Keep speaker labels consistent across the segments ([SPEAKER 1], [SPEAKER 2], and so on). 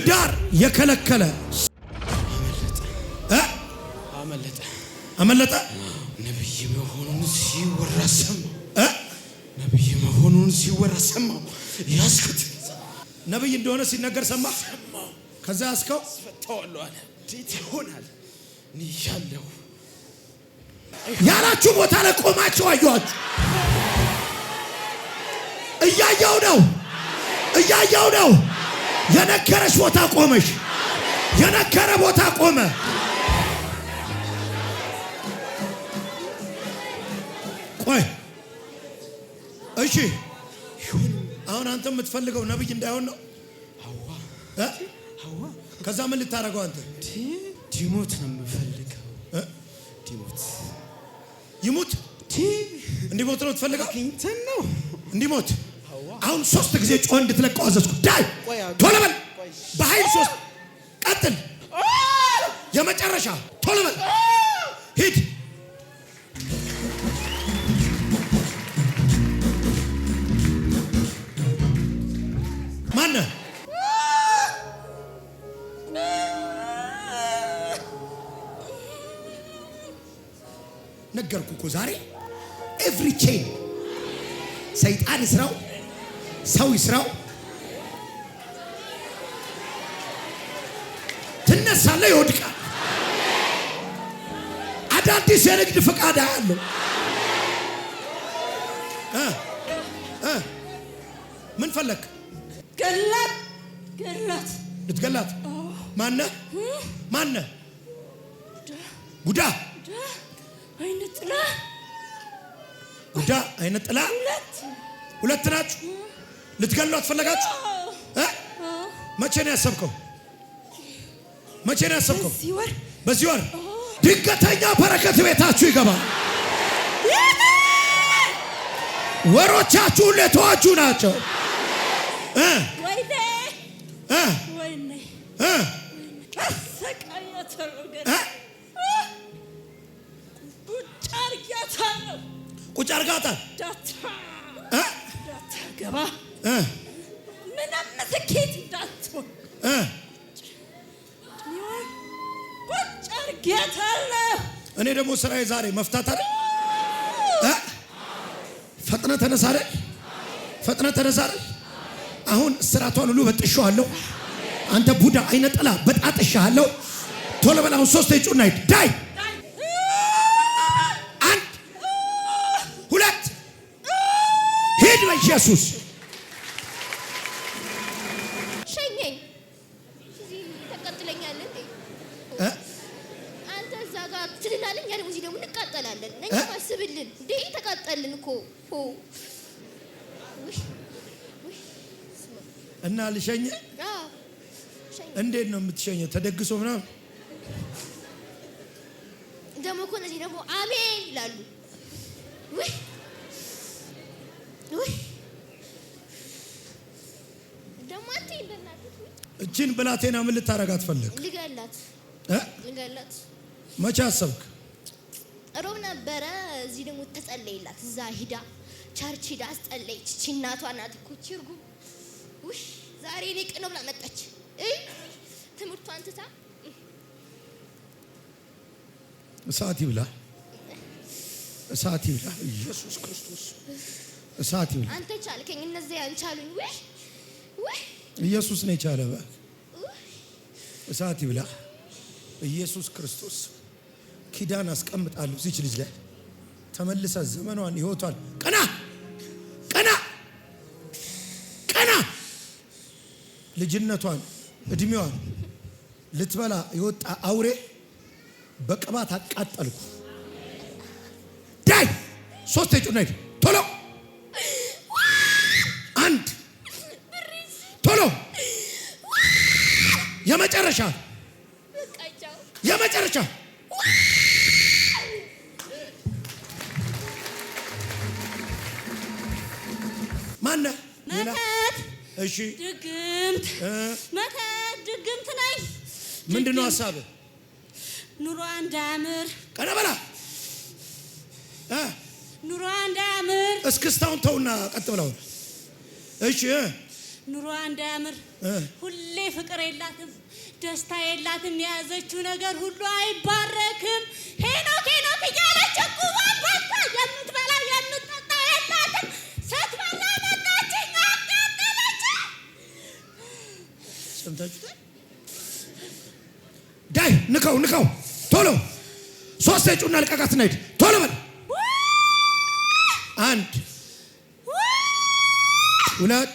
[SPEAKER 1] ትዳር የከለከለ አመለጠ
[SPEAKER 2] ነብይ መሆኑን ሲወራ ሰማሁ። ነብይ መሆኑን ሲወራ ሰማሁ። ያስኩት
[SPEAKER 1] ነብይ እንደሆነ ሲነገር ሰማ። ከዛ ያዝከው
[SPEAKER 2] ፈታዋለሁ አለ። እንዴት ይሆናል? እኔ እያለሁ
[SPEAKER 1] ያላችሁ ቦታ ላይ ቆማችሁ አየኋችሁ። እያየው ነው እያየው ነው የነከረች ቦታ ቆመሽ። የነከረ ቦታ ቆመ። ቆይ እሺ። አሁን አንተ የምትፈልገው ነብይ እንዳይሆን ነው። ከዛ ምን ልታደርገው አንተ?
[SPEAKER 2] ዲሞት ነው የምፈልገው። ዲሞት
[SPEAKER 1] ይሙት። እንዲሞት ነው ትፈልገው? እንዲሞት አሁን ሶስት ጊዜ ጮህ እንድትለቀው አዘዝኩ። ዳይ ቶሎ በል በኃይል ሶስት ቀጥል፣ የመጨረሻ ቶሎ በል ሂድ። ማነ ነገርኩ እኮ ዛሬ ኤቭሪ ቼን ሰይጣን ስራው ሰው ይስራው። ትነሳለህ፣ ይወድቃል። አዳዲስ የንግድ ፈቃድ አያለሁ። ምን ፈለግ?
[SPEAKER 3] ገላት ገላት
[SPEAKER 1] ልትገላት ማነ ማነ ጉዳ አይነት ጥላ ጉዳ አይነት ጥላ ሁለት ናችሁ። ልትገሏት ፈለጋችሁ? መቼ ነው ያሰብከው? መቼ ነው ያሰብከው? በዚህ ወር ድንገተኛ በረከት ቤታችሁ ይገባል። ወሮቻችሁ ሁሉ የተዋጁ ናቸው። ቁጭ አርጋታል
[SPEAKER 3] ምንም ስኬት እንዳትሆን ቁጭ አድርጌታለሁ።
[SPEAKER 1] እኔ ደግሞ ስራዬ ዛሬ መፍታት አለ። ፈጥነ ተነሳ ፈጥነ ተነሳ አሁን ስራቷን ሁሉ በጥሼዋለሁ። አንተ ቡዳ አይነ ጥላ በጣጥሻለሁ። ቶሎ በል አሁን ሶስት ጩና ሂድ ዳይ አንድ ሁለት ሂድ በኢየሱስ
[SPEAKER 4] ትለኛለህ አንተ እዛ ጋር ትልላለህ፣ እኛ ደግሞ እዚህ ደግሞ እንቃጠላለን። ነኝ አስብልን እንዴ? ተቃጠልን እኮ
[SPEAKER 1] እና ልሸኝ። እንዴት ነው የምትሸኘው? ተደግሶ ምናምን
[SPEAKER 4] ደግሞ እኮ እነዚህ ደግሞ አሜን ይላሉ። ደግሞ አንተ ይበናት
[SPEAKER 1] እችን ብላቴና ምን ልታረጋት ፈለግ? ልገላት መቼ አሰብክ?
[SPEAKER 4] ሮብ ነበረ። እዚህ ደግሞ ተጸለይላት። እዛ ሂዳ ቸርች ሂዳ አስጸለይች። እቺ እናቷ ናት እኮ እቺ ውይ ዛሬ እኔ ቀን ነው ብላ መጣች። እይ ትምህርቷን ትታ
[SPEAKER 1] እሳት ይብላ፣ እሳት ይብላ። ኢየሱስ ክርስቶስ እሳት ይብላ።
[SPEAKER 4] አንተ ቻልከኝ፣ እነዚያ ያንቻሉኝ። ውይ ውይ
[SPEAKER 1] ኢየሱስ ነው የቻለ እሳት ይብላ። ኢየሱስ ክርስቶስ ኪዳን አስቀምጣለሁ ዚች ልጅ ላይ ተመልሳ ዘመኗን ይወቷል። ቀና ቀና ቀና ልጅነቷን እድሜዋን ልትበላ የወጣ አውሬ በቅባት አቃጠልኩ ዳይ ሶስት የጩና የመጨረሻ የመጨረሻ ማነ እሺ፣
[SPEAKER 4] ድግምት መተት ድግምት ነኝ።
[SPEAKER 1] ምንድን ነው ሀሳብህ?
[SPEAKER 4] ኑሮ እንዳያምር ቀና ኑሮ እንዳያምር።
[SPEAKER 1] እስክስታውን ተውና ቀጥ ብለው እሺ
[SPEAKER 4] ኑሯ እንዳያምር ሁሌ ፍቅር የላትም፣ ደስታ የላትም። የያዘችው ነገር ሁሉ አይባረክም። ሄኖክ ሄኖክ እያለች ቁባባታ የምትበላ የምትጠጣ የላትም። ስትበላ ጠጣችኝ፣ አቃጠለች።
[SPEAKER 1] ሰምታችሁታል? ዳይ ንከው፣ ንከው፣ ቶሎ ሶስት የጩና ልቀቃት ናሄድ ቶሎ በል አንድ ሁለት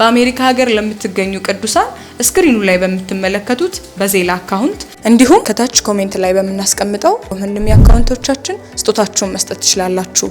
[SPEAKER 5] በአሜሪካ ሀገር ለምትገኙ ቅዱሳን ስክሪኑ ላይ በምትመለከቱት በዜላ አካውንት እንዲሁም ከታች ኮሜንት ላይ በምናስቀምጠው ወንድም አካውንቶቻችን ስጦታችሁን መስጠት ትችላላችሁ።